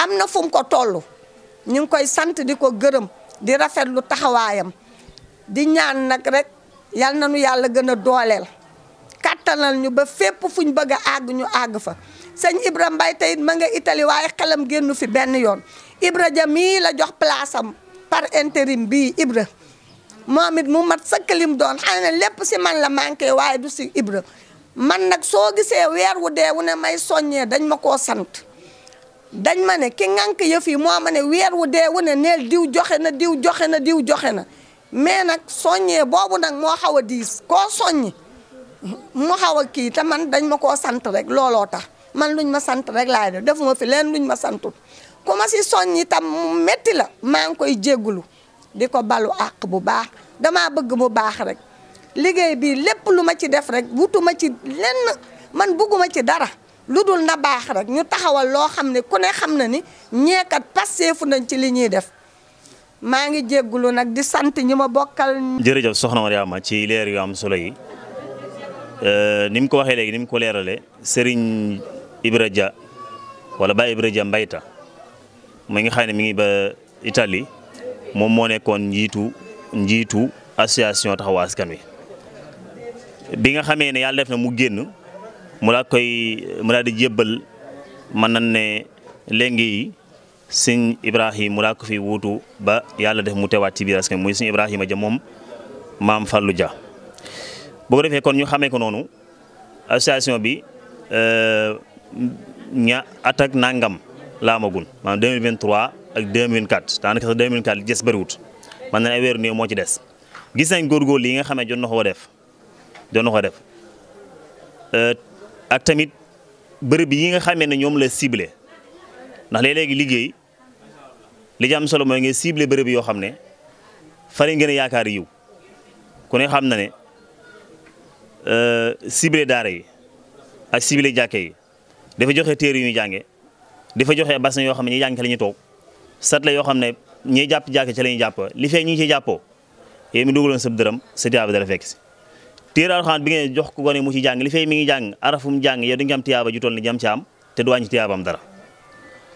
am na fu ko tollu ñu ngi koy sant di ko gërëm di rafet lu taxawaayam di ñaan nag rek yal na yàlla gën a dooleel kàttanal ñu ba fépp fuñ bëgg a àgg ñu àgg fa. sëñ Ibra mbay tey ma nga Italie waaye xelam génnu fi benn yoon Ibra ja mii la jox place par intérim bii Ibra moom it mu mat sëkk lim doon xëy na lépp si man la manqué waaye du si Ibra man nag soo gisee weer wu dee wu ne may soññee dañ ma ko sant. dañ ma ne ki ŋànk yëf fii moo ma ne weer wu dee wu ne neel diw joxe na diw joxe na diw joxe na mais nag soññee boobu nag moo xaw a diis koo soññi mu xaw a kii te man dañ ma koo sant rek looloo tax man luñ ma sant rek laa def defuma fi leen luñ ma santut ku ma si soññ tam mu métti la maa ngi koy jéggulu di ko balu àq bu baax damaa bëgg mu baax rek liggéey bi lépp lu ma ci def rek wutuma ci lenn man bugguma ci dara lu dul na baax rek ñu taxawal loo xam ne ku ne xam na ni ñeekat passeefu nañ ci li ñuy def maa ngi jéggulu nag di sant ñi ma bokkal. jërëjëf soxna ama ci leer yu am solo yi euh, ni mu ko waxee léegi ni mu ko leeralee sëriñ Ibra Dia wala Baye Ibra Dia Mbayta mi ngi xam ne mi ngi ba Italie moom moo nekkoon njiitu njiitu association taxawu askan wi bi nga xamee ne yàlla def na mu génn. mu laa koy mu laa di jébbal mën nañ ne léegi sëñ Ibrahima mu laa ko fi wuutu ba yàlla def mu teewaat ci biir askan muy sëñ Ibrahima ja moom maam Fallou Dia bu defee kon ñu xamee ko noonu association bi euh, ña at ak nangam laa magun maanaam 2023 ak 2024 daanaka sax 2024 li des bëriwut man na ay weeru néew moo ci des gis nañ góorgóorlu yi nga xam ne jot na koo def jot na def euh, ak tamit bërëb yi nga xamee ne ñoom la sible ndax léeg-léegi liggéey li ci am solo mooy nga ciblé bërëb yoo xam ne fa lañ yaakaar yiw ku xam na ne euh, ciblé daara yi ak ciblé jàkke yi dafa joxe téere yu ñu jànge dafa joxe bassin yoo xam ne ñi jànge la ñu toog sat la yoo xam ne ñiy jàpp jàkke ci la ñuy jàpp li fee ñi ngi ciy jàppoo yéen mi loon sa dërëm sa tiyaaba dala fekk si téere alxuraan bi ngeen jox ko gone mu ci jàng li fay mi ngi jàng arafum jàng yow di nga am tiyaaba ju toll ni jam ci am te du wàññi tiyaabaam dara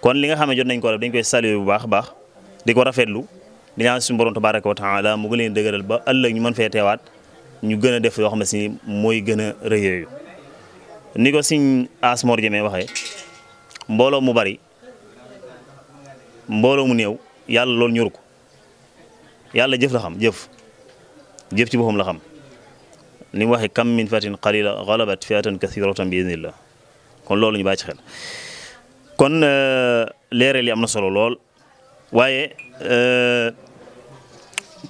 kon li nga xam ne jot nañ ko def dañ koy saluer bu baax baax di ko rafetlu di ñaan suñu borom tabaraka wa taala mu ngi leen dëgëral ba ëllëg ñu mën fee teewaat ñu gën a def yoo xam ne si mooy gën a rëy ni ko siñ asmor jëmee waxee mbooloo mu bari mbooloo mu néew yàlla loolu ñuru ko yàlla jëf la xam jëf jëf ci boppam la xam ni mu waxee kam min fatin qalila galabat fiatan kathiratan bi idnillah kon loolu ñu ba ci xel kon euh, leeral yi am na solo lool waaye euh,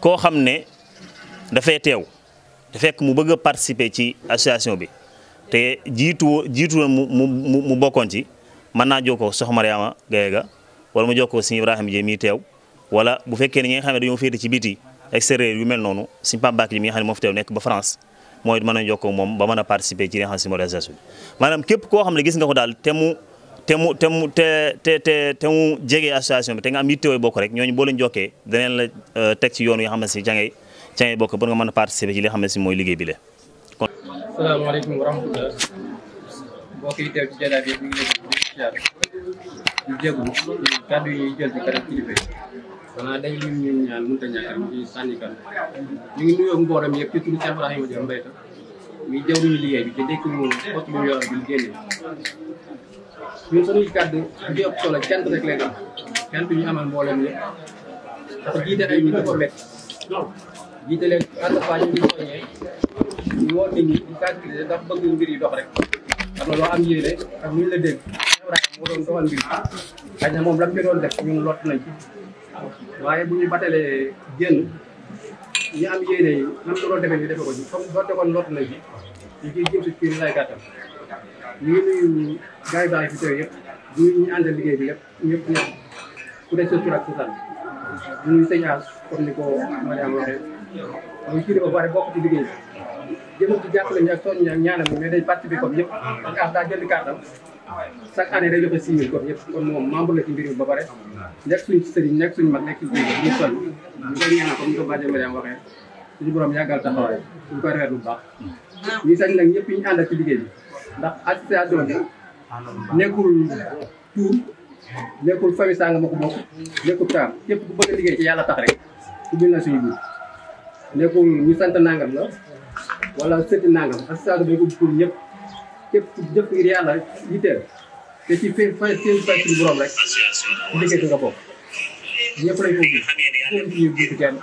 koo xam ne dafay teew te mu bëgg a participer ci association bi te jiitu jiitu na mu mu mu bokkoon ci man naa jokkoo soxna Mariama Gaye ga wala mu jokkoo si Ibrahima Dieng mi teew wala bu fekkee ne ñi nga xam ne dañoo féete ci biti extérieur yu mel noonu si Pape Bakk ji mi nga xam ne moo fi teew nekk ba France mooy mën a jokkoo moom ba mën a participer ci li nga xam si moo des maanaam képp koo xam ne gis nga ko daal te mu te mu te mu te te te mu jege association bi te nga am yittewoo bokk rek ñooñu boo leen jokkee daneen la euh, teg ci yoon yi xam ne si ca ngay bokk pour nga mën a participer ci li nga xam si mooy liggéey bi la kon. salaamaaleykum xanaa day lim ñun ñaan mënut a ñàkk am ci ñu ngi nuyoo mbooram yëpp ci turu Cheikh Ibrahima Diop Mbayta muy jawriñu liggéey bi ñu amal mboolem yëpp dafa jiite ay ñu dafa métti jiite ñu ngi soññee ñu woon nit ñi di sensibiliser ndax bëgg mbir yi dox rek xam nga loo am yéene ak ñu na nañ waaye bu ñu batalee génn ñi am yéene yi nan la ñu defee ko ji comme doonte kon lott nañ ji ñu ciy si kii bi lay gàttal ñu ngi nuyu gars yi baax fi teew yëpp ñu ñu àndal liggéey bi yëpp ñëpp ñëpp ku nekk sa ni ko Mariam waxee muy kii dafa bare bokk ci liggéey bi jëmale ci jàppale ñu ak soññ ñaanam mais day participer comme ñëpp parce que daa jënd kàttam. chaque année day joxe 6000 kon ñëpp kon moom membre la ci mbir mi ba pare nekk suñ sëriñ nekk suñ mag nekk suñ ñu sol ñu koy ñaanal suñu borom yàggal taxawaay suñu koy rafet bu hmm. sañ nag ñëpp ñu àndal ci ndax association bi nekkul tuur ko bokk nekkul taam képp ku bëgg a liggéey ci yàlla tax rek ubbil na suñu biir nekkul ñu sant nangam la wala sëti nangam association bi ko pour ñëpp képp ci jëf ngir yàlla yitteel te ci fay fay seen rek njëkkati nga bokk ñëpp lañ ko gis kenn ci ñuy gis kenn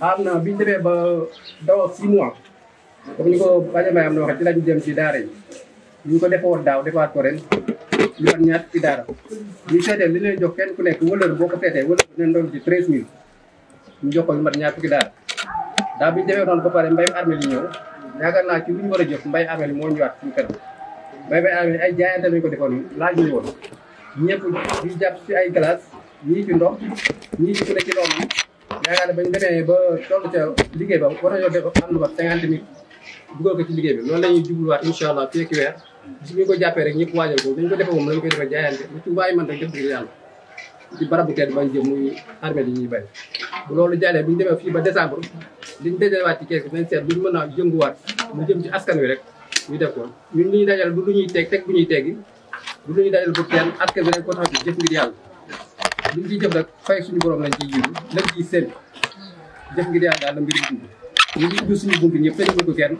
xam na biñu demee ba daw six mois comme ñu ko bañ a may am na waxee ci lañu jëm ci daara yi ñu ko defoon daaw defaat ko ren ñu war ñaat ci daara ñu seetee li leen jox kenn ku nekk wëlër boo ko seetee wëlër bu leen doon ci treize mille ñu jox ko ñu mat ñaar fukki daara daaw biñu demee noonu ba pare mbéyum armée li ñëw yaakaar naa ci lu war a jëf mbay amel moo ñëwaat suñu kanam mbay bay amel ay jaayante lañu ko defoon laaj ñu woon ñëpp ñu jàpp ci ay glace ñii ci ndox ñii ci ku ne ci doom yi yaakaar ne bañ demee ba toll ca liggéey ba war nañoo def am lu ba cinquante mille dugal ko ci liggéey bi loolu la ñuy ñu ko jàppee rek ñëpp waajal ko dañu jaayante lu ci waay man rek def di barab bu teel ba jëm muy armée yi ñuy bay bu loolu jàllee bu ñu demee fii ba décembre liñ dajalewaat ci kees gi nañ seet luñ mën a jënguwaat mu jëm ci askan wi rek ñu def ko ñun lu ñu du lu ñuy teg teg bu ñuy teggi du lu ñuy dajal pour kenn askan wi rek ko tax bi jëf ngir yàlla luñ ciy jëf rek fay suñu borom lañ ciy jiitu lañ ciy seen jëf ngir yàlla daal la mbir dund ñu ngi dund suñu bunt ñëpp tëjee ko kenn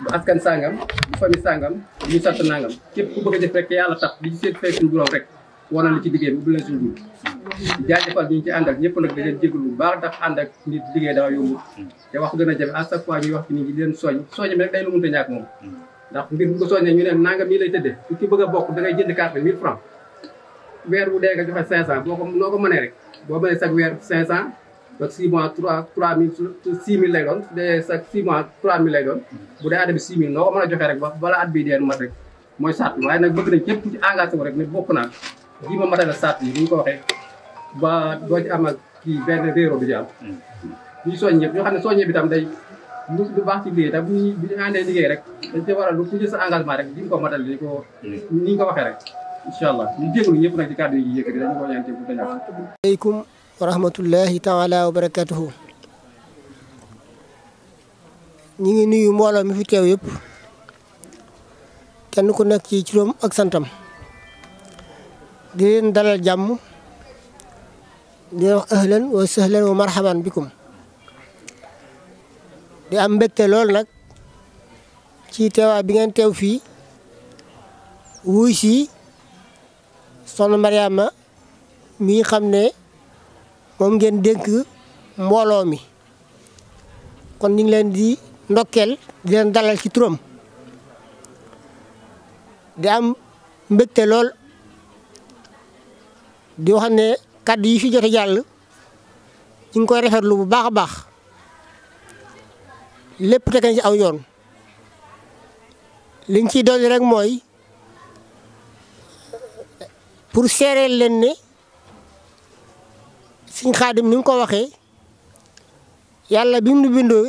bu askan sàngam bu famille sàngam ñu sant nangam képp ku bëgg a def rek yàlla tax li ci seet fay suñu borom rek wane na ci liggéey bi bu leen suñu jur jaajëfal ñu ci ànd ak ñëpp nag da leen jégalu bu baax ndax ànd ak nit liggéey dafa yombul te wax gën a jafe à chaque fois ñuy wax ci nit ñi leen soñ soñ bi rek day lu mënta ñàkk moom ndax mbir bu ci bëgg bokk da ngay jënd carte mille bu dee nga joxe ko noo ko mënee boo mënee chaque weer cinq cent donc six mois trois trois mille six mille lay bu dee at bi six mille noo ba balaa at mooy saat waaye nag bëgg nañ ci engagé wu rek bokk naa ji ma matal saat yi bu ñu ko waxee ba doo ci am ak kii benn réero bi ci am. ñuy mm. soññee ñoo xam ne soññee bi tam day lu lu baax ci liggéey tam bu ñuy bu ñu àndee liggéey rek dañ ci waral ku jël sa engagement rek di nga ko matal di ko. Mm. ni nga ko waxee rek incha allah ñu jégalu ñëpp nag ci kàddu yi yëkkati dañu ko ñaante bu dañu am. aleykum wa rahmatullahi taala wa barakatuhu. ñi ngi nuyu mbooloo mi fi teew yëpp kenn ku nekk ci juróom ak santam. di leen dalal jàmm di leen wax ahlan wa sahlan wa marhaban bikum di am mbégte lool nag ci teewaa bi ngeen teew fii wuy si soxna Mariama mi xam ne moom ngeen dénk mbooloo mi kon ñu ngi leen di ndokkeel di leen dalal ci turam di am mbégte lool di wax ne kàddu yi fi jot a jàll ñu ngi koy rafetlu bu baax a baax lépp teg ci aw yoon liñ ciy dolli rek mooy pour seereel leen ne Sëñ Xaadim ni nga ko waxee yàlla bi mu bindoo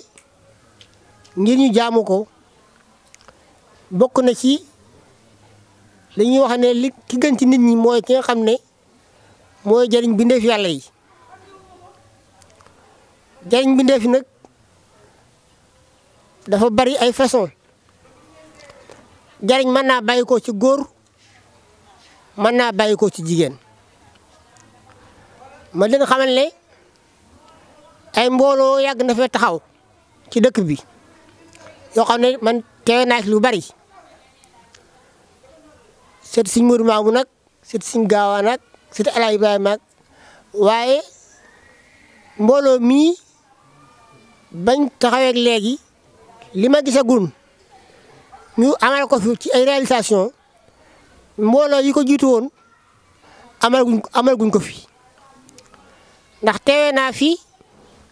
ngir ñu jaamu ko bokk na ci li ñuy wax ne li ki gën ci nit ñi mooy ki nga xam ne. mooy jëriñ bindeef yàlla yi jariñ bindeef yi nag dafa bari ay façon jariñ mën naa bàyyi ko ci góor mën naa bàyyi ko ci jigéen ma leen xamal ne ay mbooloo yàgg na fee taxaw ci dëkk bi yoo xam ne man teewe naa lu bari seet siñ murmaa bu nag seet siñ gaawaa nag Cité El Hadj mag waaye mbooloo mii bañ taxawee ak léegi li ma gisagun ñu amal ko fi ci ay réalisation mbooloo yi ko jiitu woon amal guñ ko fi ndax teewee naa fi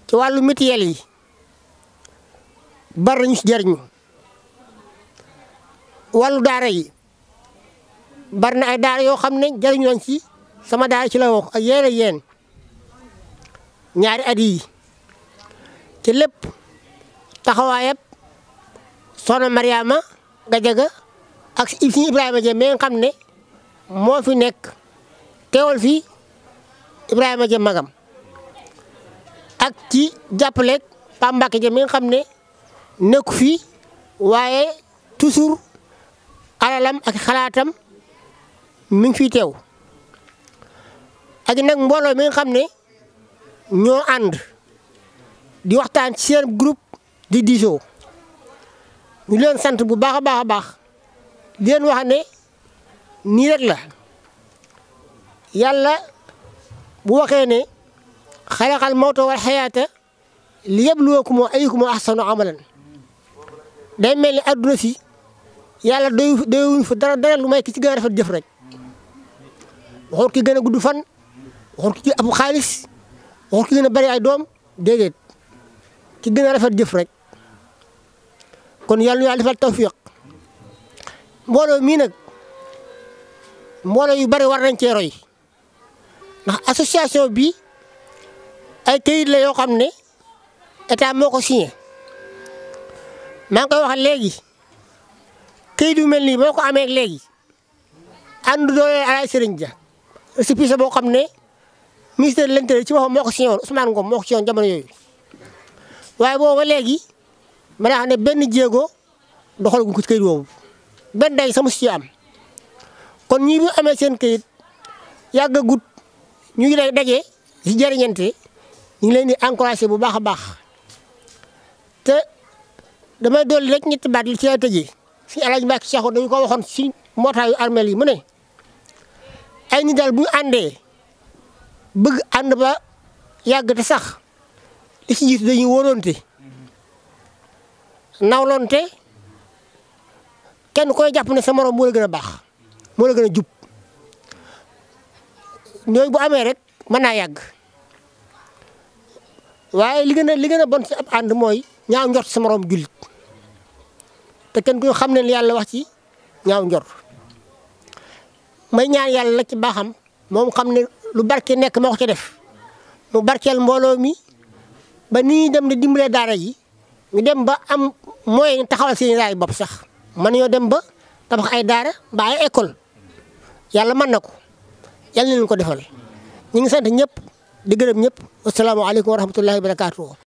ci wàllu mutuelle yi bari nañu jariñu jëriñu wàllu daara yi bari na ay daara yoo xam ne jëriñu nañ ci sama daal ci la wax ak yéen ak ñaari at yi ci lépp taxawaayam soxna Mariama jega ak si Ibrahima Dieng mi nga xam ne moo fi nekk teewal fi Ibrahima Dieng magam ak ci jàppaleeg Pape Mbacke Dieng mi nga xam ne nekku fi waaye toujours alalam ak xalaatam mi ngi fiy teew. ak nag mbooloo mi nga xam ne ñoo ànd di waxtaan ci seen di diisoo ñu sant bu baax a baax a baax leen wax ne nii rek la yàlla bu waxee ne xalaqal mawta wal xayaata li yabluwakum ayyukum ahsanu amalan day mel ni adduna si yàlla doyu doyuwuñ fa dara dara lu may ki ci gën a rafet jëf rek ki gën gudd fan waxul ki ci abu xaalis waxul ki a bari ay doom déedéet ki gën a rafet jëf rek kon yàlla na yàlla defal tawfiq mbooloo mii nag mbooloo yu bari war nañ cee roy ndax association bi ay këyit la yoo xam ne état signé maa ngi koy wax léegi këyit yu mel nii boo ko amee léegi ànd doole Alaaji Sëriñ Ja récépissé boo xam ne. ministère de l'intérieur ci waxam moo ko signé woon Ousmane moo ko signé woon jamono yooyu waaye boobu ba léegi mën xam ne benn jéego doxal gu ko ci kayit woowu benn day sama si am kon ñi bu amee seen kayit yàgg gut ñu ngi lay daje si jëriñante ñu ngi leen di encouragé bu baax a baax te damay dolli rek ñetti baat ci lay tëjee si El Hadj Mbacke Sakho dañu ko si mbootaayu armeel yi mu ne ay nit bu àndee bëgg ànd ba yàgg te sax li ci jiitu dañuy wóoroonte nawloonte kenn koy jàpp ne sa morom moo la gën a baax moo la gën a jub ñooñu bu amee rek mën naa yàgg waaye li gën a li gën a bon si ab ànd mooy ñaaw njort sa morom te kenn ku xam ne yàlla wax ci ñaaw njort may ñaan yàlla la ci baaxam moom xam ne lu barke nekk moo ko ci def mu barkeel mbooloo mi ba ni ñuy dem di dimbale daara yi ñu dem ba am moyen taxawal seen raay bopp sax mën ñoo dem ba tabax ay daara ba ay école yàlla mën na ko yàlla nañu ko defal ñu ngi sant ñëpp di gërëm ñëpp asalaamaaleykum wa rahmatullahi wa barakaatu